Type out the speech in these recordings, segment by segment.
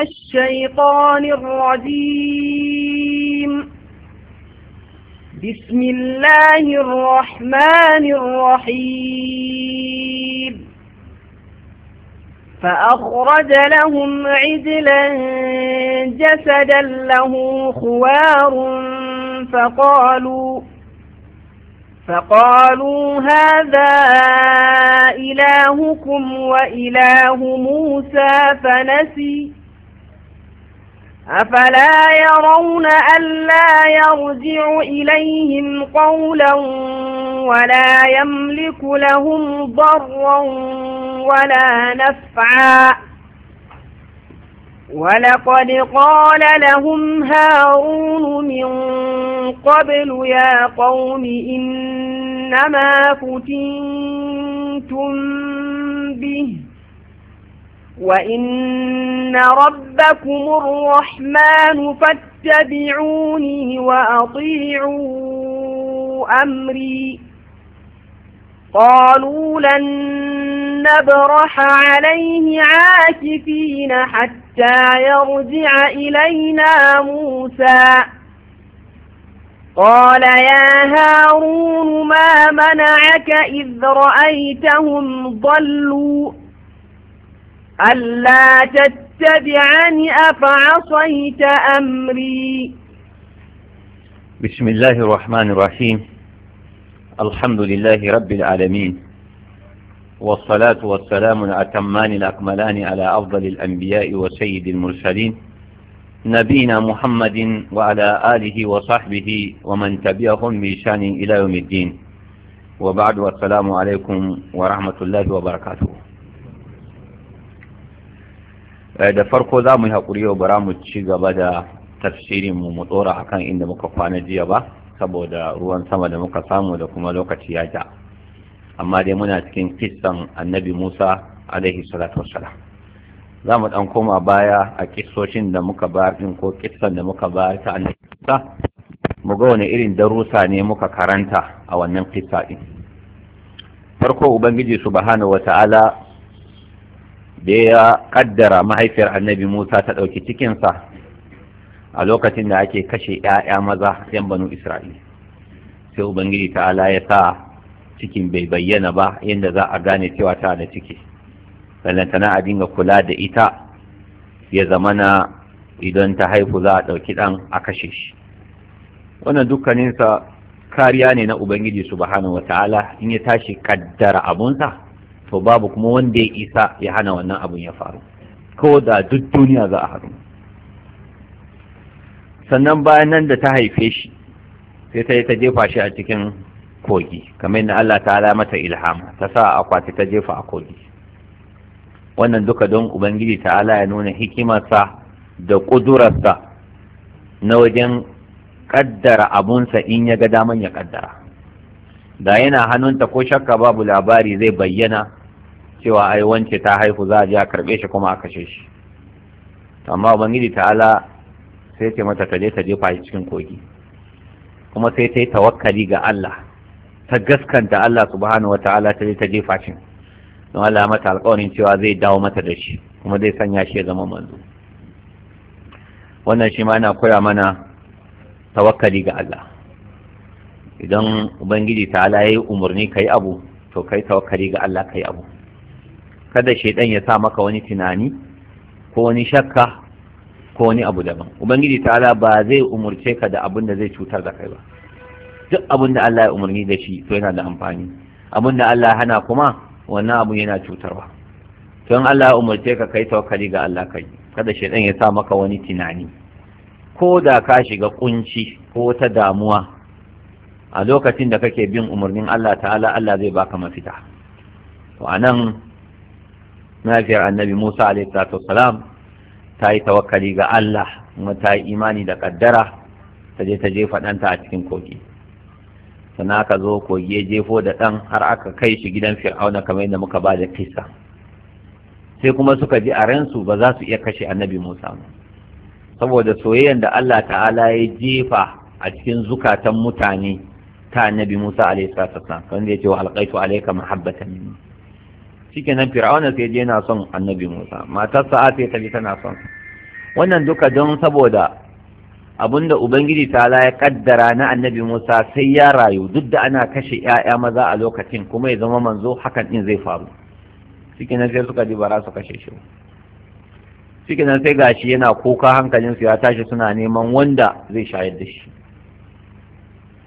الشيطان الرجيم بسم الله الرحمن الرحيم فأخرج لهم عجلا جسدا له خوار فقالوا فقالوا هذا إلهكم وإله موسى فنسي أفلا يرون ألا يرجع إليهم قولا ولا يملك لهم ضرا ولا نفعا ولقد قال لهم هارون من قبل يا قوم إنما فتنتم به وإن ربكم الرحمن فاتبعوني وأطيعوا أمري قالوا لن نبرح عليه عاكفين حتى يرجع إلينا موسى قال يا هارون ما منعك إذ رأيتهم ضلوا ألا تتبعني أفعصيت أمري بسم الله الرحمن الرحيم الحمد لله رب العالمين والصلاة والسلام الأتمان الأكملان على أفضل الأنبياء وسيد المرسلين نبينا محمد وعلى آله وصحبه ومن تبعهم بشان إلى يوم الدين وبعد والسلام عليكم ورحمة الله وبركاته Eh, da farko za mu yi haƙuri yau bara mu ci gaba da tafsirin mu mu tsora akan inda muka kwana jiya ba saboda ruwan sama da muka samu da kuma lokaci ya ja amma dai muna cikin kissan annabi musa alaihi salatu wassalam za mu ɗan koma baya a kissoshin da muka bayar ɗin ko kissan da muka bayar ta annabi musa mu ga wani irin darussa ne muka karanta a wannan kissa ɗin farko ubangiji subhanahu ta'ala da ya kaddara mahaifiyar annabi musa ta ɗauki cikinsa a lokacin da ake kashe 'ya'ya maza 'yan banu Isra'il. sai ubangiji ta'ala ya sa cikin bai bayyana ba yadda za a gane cewa ta da ciki lallantana a dinga kula da ita ya zamana idan ta haifu za a ɗauki ɗan a kashe shi wannan dukkaninsa kariya ne na ubangiji subhanahu wata'ala in ya tashi kaddara abunsa to babu kuma wanda ya isa ya hana wannan abin ya faru ko da duk duniya za a haɗu sannan bayan nan da ta haife shi sai ta yi ta jefa shi a cikin kogi kamar yadda Allah ta mata ilhama ta sa akwati ta jefa a kogi wannan duka don ubangiji ta'ala ya nuna hikimarsa da ƙudurarsa na wajen ƙaddara abunsa in ya ga daman ya kaddara. da yana hannunta ko shakka babu labari zai bayyana cewa ai wance ta haihu za a je a karbe shi kuma a kashe shi amma ubangiji ta'ala sai ce mata ta je ta jefa shi cikin kogi kuma sai ta yi tawakkali ga Allah ta gaskanta Allah subhanahu wata'ala ta je ta jefa shi don Allah mata alƙawarin cewa zai dawo mata da shi kuma zai sanya shi ya zama manzo wannan shi ma yana koya mana tawakkali ga Allah idan ubangiji ta'ala ya yi umarni ka yi abu to kai tawakkali ga Allah ka yi abu kada shaidan ya sa maka wani tunani ko wani shakka ko wani abu daban ubangiji ta'ala ba zai umurce ka da abin da zai cutar da kai ba duk abin da Allah ya umarni da shi to yana da amfani abin da Allah hana kuma wannan abu yana cutarwa to in Allah ya umarce ka kai tawakkali ga Allah kai kada shaidan ya sa maka wani tunani ko da ka shiga kunci ko ta damuwa a lokacin da kake bin umarnin Allah ta'ala Allah zai baka mafita to anan mahaifiyar annabi musa alaihi salam ta yi tawakkali ga allah kuma ta yi imani da kaddara ta je ta jefa ɗanta a cikin kogi sana aka zo kogi ya jefo da ɗan har aka kai shi gidan fir'auna kamar yadda muka ba da kisa sai kuma suka ji a ransu ba za su iya kashe annabi musa saboda soyayyar da allah ta'ala ya jefa a cikin zukatan mutane ta annabi musa alaihi salam wanda ya ce wa alƙaitu alaika mahabbatan minni nan fir'auna sai je yana son annabi Musa matar sa'a sai ta ji tana son wannan duka don saboda abinda ubangiji ta ya kaddara na annabi Musa sai ya rayu duk da ana kashe 'ya'ya maza a lokacin kuma ya zama manzo hakan din zai faru nan sai suka ji bara su kashe shi nan sai gashi yana kuka hankalin su ya tashi suna neman wanda zai shayar da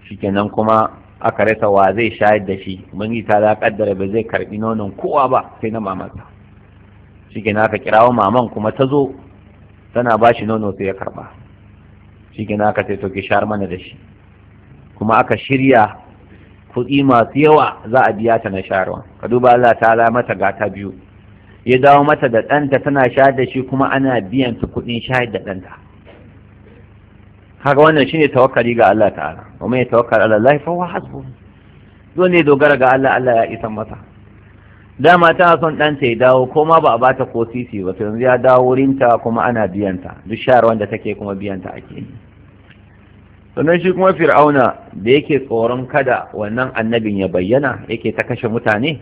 shi nan kuma aka rasa wa zai shayar da shi ubangiji ta za kaddara ba zai karbi nonon kowa ba sai na mamansa shike na aka kirawo maman kuma ta zo tana ba shi nono sai ya karba shike na aka sai to shayar mana da shi kuma aka shirya kuɗi masu yawa za a biya ta na shayarwa ka duba Allah ta mata gata biyu ya dawo mata da ɗanta tana shayar da shi kuma ana biyan ta kuɗin shayar da ɗanta haka wannan shine tawakkali ga Allah ta'ala wa man tawakkal ala Allah fa huwa hasbu Dole ne dogara ga Allah Allah ya isa masa dama ta son dan ya dawo ko ma ba a bata ko sisi ba to yanzu ya dawo wurinta kuma ana biyanta duk shahar wanda take kuma biyan ta ake yi sannan shi kuma fir'auna da yake tsoron kada wannan annabin ya bayyana yake ta kashe mutane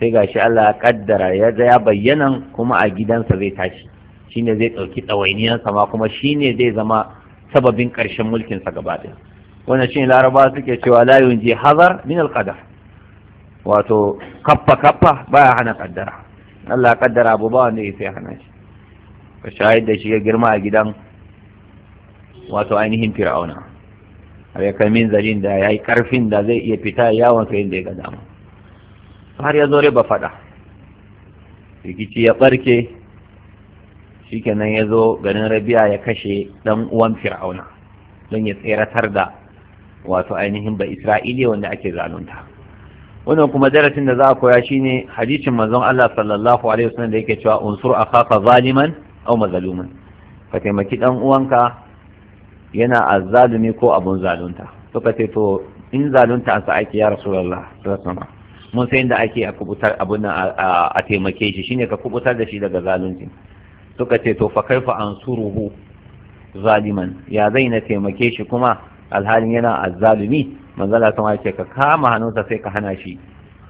sai gashi Allah ya kaddara ya ya bayyana kuma a gidansa zai tashi shine zai ɗauki ɗawainiyarsa ma kuma shine zai zama sababin ƙarshen mulkinsa gaba ɗaya wannan shi laraba suke cewa layun ji hazar min alƙadar wato kaffa kaffa baya hana ƙaddara Allah ƙaddara abu ba wanda ya sai hana shi ka shayar da shi ya girma a gidan wato ainihin fir'auna a ya kai min zarin da ya yi ƙarfin da zai iya fita yawon sai yadda ya ga dama har ya zo ba faɗa rikici ya ɓarke shikenan ya zo garin rabia ya kashe dan uwan fir'auna don ya tseratar da wato ainihin ba isra'iliya wanda ake zalunta wannan kuma darasin da za a koya shine hadisin manzon Allah sallallahu alaihi wasallam da yake cewa unsur akhaka zaliman aw mazluman ka taimaki dan uwanka yana azzalumi ko abun zalunta to ka ce to in zalunta sa ake ya rasulullah sallallahu alaihi mun sai da ake a kubutar abun a taimake shi shine ka kubutar da shi daga zalunci suka ce to fa kaifa suruhu zaliman ya zai na taimake shi kuma alhalin yana azzalumi manzala sama ce ka kama hannunsa sai ka hana shi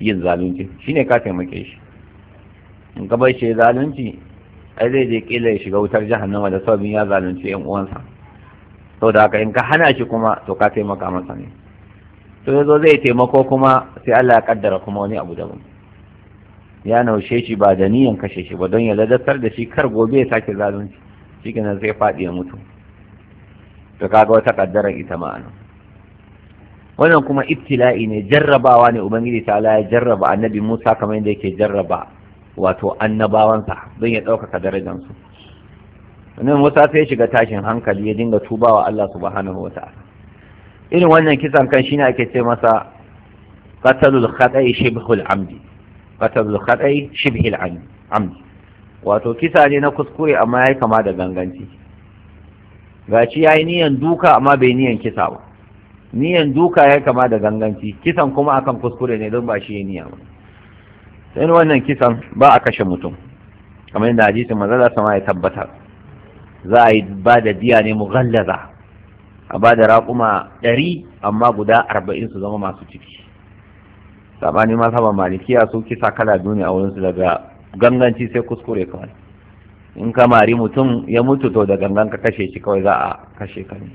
yin zalunci Shi ne ka taimake shi in ka bar shi zalunci ai zai je kila ya shiga wutar jahannama da sabbin ya zalunci yan uwansa da haka in ka hana shi kuma to ka taimaka masa ne to yazo zai taimako kuma sai Allah ya kaddara kuma wani abu daban ya naushe shi ba da niyan kashe shi ba don ya ladatar da shi kar gobe ya sake zalunci shi kenan sai faɗi ya mutu to kaga wata kaddara ita ma'ana wannan kuma ibtila'i ne jarrabawa ne ubangiji ta ya jarraba annabi musa kamar yadda yake jarraba wato annabawansa don ya ɗaukaka darajansu wannan musa sai shiga tashin hankali ya dinga tubawa allah subhanahu wa ta'ala irin wannan kisan kan shine ake ce masa qatalul khata'i shibhul amdi qatlul khata'i shibhil amdi wato kisa ne na kuskure amma yayi kama da ganganci gaci yayi niyan duka amma bai niyan kisa ba niyan duka yayi kama da ganganci kisan kuma akan kuskure ne don ba shi niyya ba sai wannan kisan ba a kashe mutum kamar yadda hadisi manzo sama ya tabbata za a yi ba da diya ne mughallaza a ba da raƙuma ɗari amma guda arba'in su zama masu ciki sabani mazhaban malikiya su kisa kala ne a wurinsu daga ganganci sai kuskure kawai in ka mari mutum ya mutu to da gangan ka kashe shi kawai za a kashe ka ne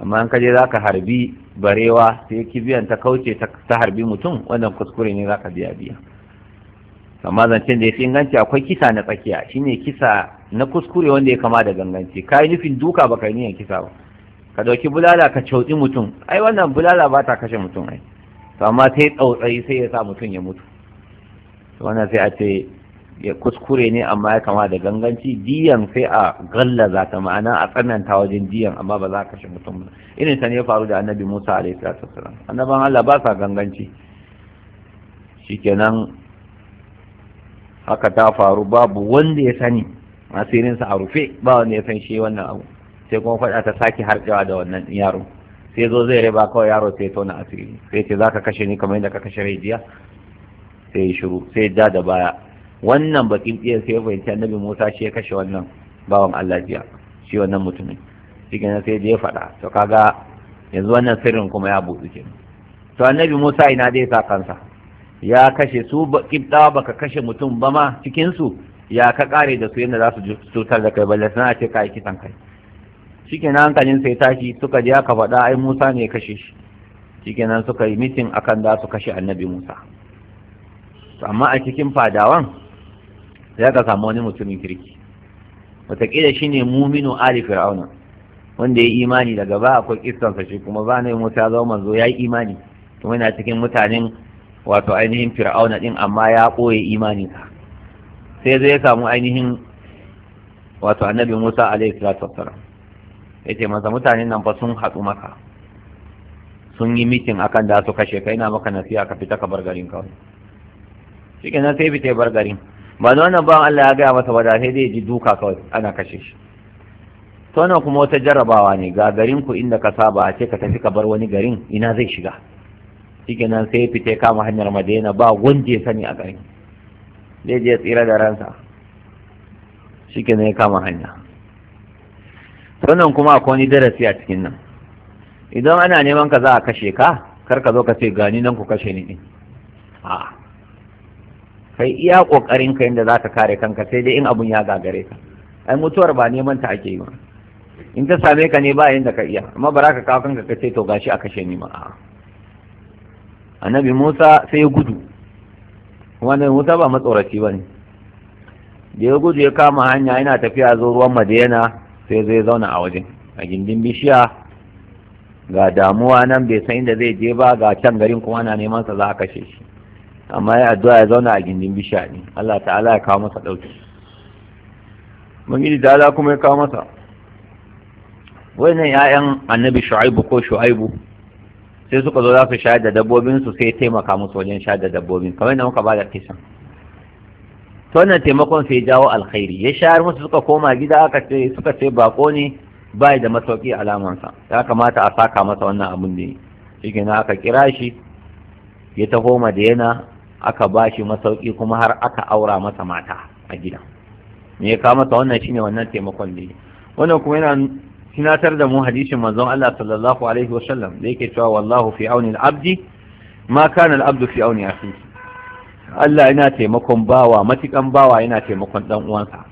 amma in ka je za ka harbi barewa sai kibiyan ta kauce ta harbi mutum wannan kuskure ne za ka biya biya amma zancen da ya fi inganci akwai kisa na tsakiya shine kisa na kuskure wanda ya kama da ganganci ka yi nufin duka ba ka yi niyan kisa ba ka ɗauki bulala ka cauɗi mutum ai wannan bulala ba ta kashe mutum ai to amma sai tsautsayi sai ya sa mutum ya mutu wannan sai a ce ya kuskure ne amma ya kama da ganganci diyan sai a gallaza ta ma'ana a tsananta wajen diyan amma ba za a kashe mutum ba irin ta ne ya faru da annabi musa a. salatu wasalam annaban allah ba sa ganganci shikenan haka ta faru babu wanda ya sani Masirinsa a rufe ba wanda ya san shi wannan abu sai kuma faɗa ta sake harkewa da wannan yaro sai zo zai riba kawai yaro sai wani asiri sai ce za ka kashe ni kamar yadda ka kashe rai jiya sai shiru sai ja da baya wannan bakin tsiyar sai fahimci annabi Musa shi ya kashe wannan bawan Allah jiya shi wannan mutumin shi sai je faɗa to kaga yanzu wannan sirrin kuma ya buɗu ke to annabi Musa ina dai sa kansa ya kashe su ba baka kashe mutum ba ma cikinsu ya ka kare da su yadda za su cutar da kai balle sana ce ka yi kisan kai nan hankalin sai tashi suka je aka faɗa ai Musa ne kashe shi nan suka yi mitin akan za su kashe annabi Musa amma a cikin fadawan sai ka samu wani mutumin kirki wataƙila shi ne muminu ali fir'auna wanda ya yi imani daga ba akwai kistansa shi kuma ba ne musa zama manzo ya yi imani kuma yana cikin mutanen wato ainihin fir'auna din amma ya ɓoye imani sai zai samu ainihin wato annabi musa alaihi salatu wassalam ya ce masa mutanen nan fa sun haɗu maka sun yi mitin akan da su kashe kai na maka nasiya ka fita ka bar garin kawai shi nan sai fita bar garin ba da wannan ba Allah ya gaya masa ba da sai zai ji duka kawai ana kashe shi to kuma wata jarrabawa ne ga garin ku inda ka saba a ce ka tafi ka bar wani garin ina zai shiga shi nan sai fita kama hanyar Madina ba wanda sani a garin zai je tsira da ransa shi nan ya kama hanya sannan kuma akwai wani darasi a cikin nan idan ana neman ka za a kashe ka kar ka zo ka ce gani nan ku kashe ni a kai iya kokarin ka inda zaka kare kanka sai dai in abun ya gagare ka ai mutuwar ba neman ta ake yi ba in ta same ka ne ba da ka iya amma bara ka kawo kanka ka ce to gashi a kashe ni ma a annabi Musa sai ya gudu kuma annabi Musa ba matsoraci bane da ya gudu ya kama hanya yana tafiya zo ruwan Madina sai zai zauna a wajen a gindin bishiya ga damuwa nan bai san inda zai je ba ga can garin kuma na neman sa za a kashe shi amma ya addu'a ya zauna a gindin bishiya ne Allah ta'ala ya kawo masa dauki mangiji ta'ala kuma ya kawo masa wannan ya'yan annabi shu'aibu ko shu'aibu sai suka zo za su shayar da dabbobinsu sai taimaka musu wajen shayar da dabbobin kamar yadda muka ba da kisan ta wannan taimakon sai jawo alkhairi ya shayar musu suka koma gida aka ce suka ce bako ne bai da masauki alamansa ya kamata a saka masa wannan abin da shi kenan aka kira shi ya taho madina aka ba shi masauki kuma har aka aura masa mata a gida me ya kawo masa wannan shine wannan taimakon ne wannan kuma yana tunatar da mu hadisin manzon Allah sallallahu alaihi wasallam da yake cewa wallahu fi auni al-abdi ma kana al-abdu fi auni akhihi Allah yana taimakon bawa matukan bawa yana taimakon dan uwansa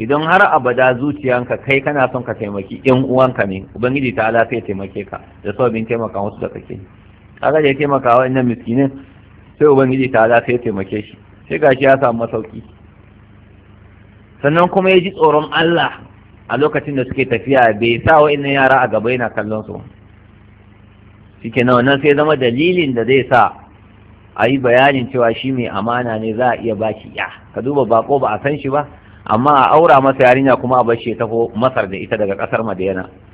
idan har abada zuciyanka kai kana son ka taimaki yan uwanka ne ubangiji ta ala sai taimake ka da sababin taimaka wasu da kake kaga da ya taimaka wa innan miskinin sai ubangiji ta ala sai taimake shi sai gashi ya samu masauki sannan kuma ya ji tsoron Allah a lokacin da suke tafiya bai sa wa innan yara a gaba yana kallon su shike nan sai zama dalilin da zai sa a yi bayanin cewa shi mai amana ne za a iya baki ya ka duba bako ba a san shi ba amma a aura masa yarinya kuma a bar shi ko masar da ita daga kasar madina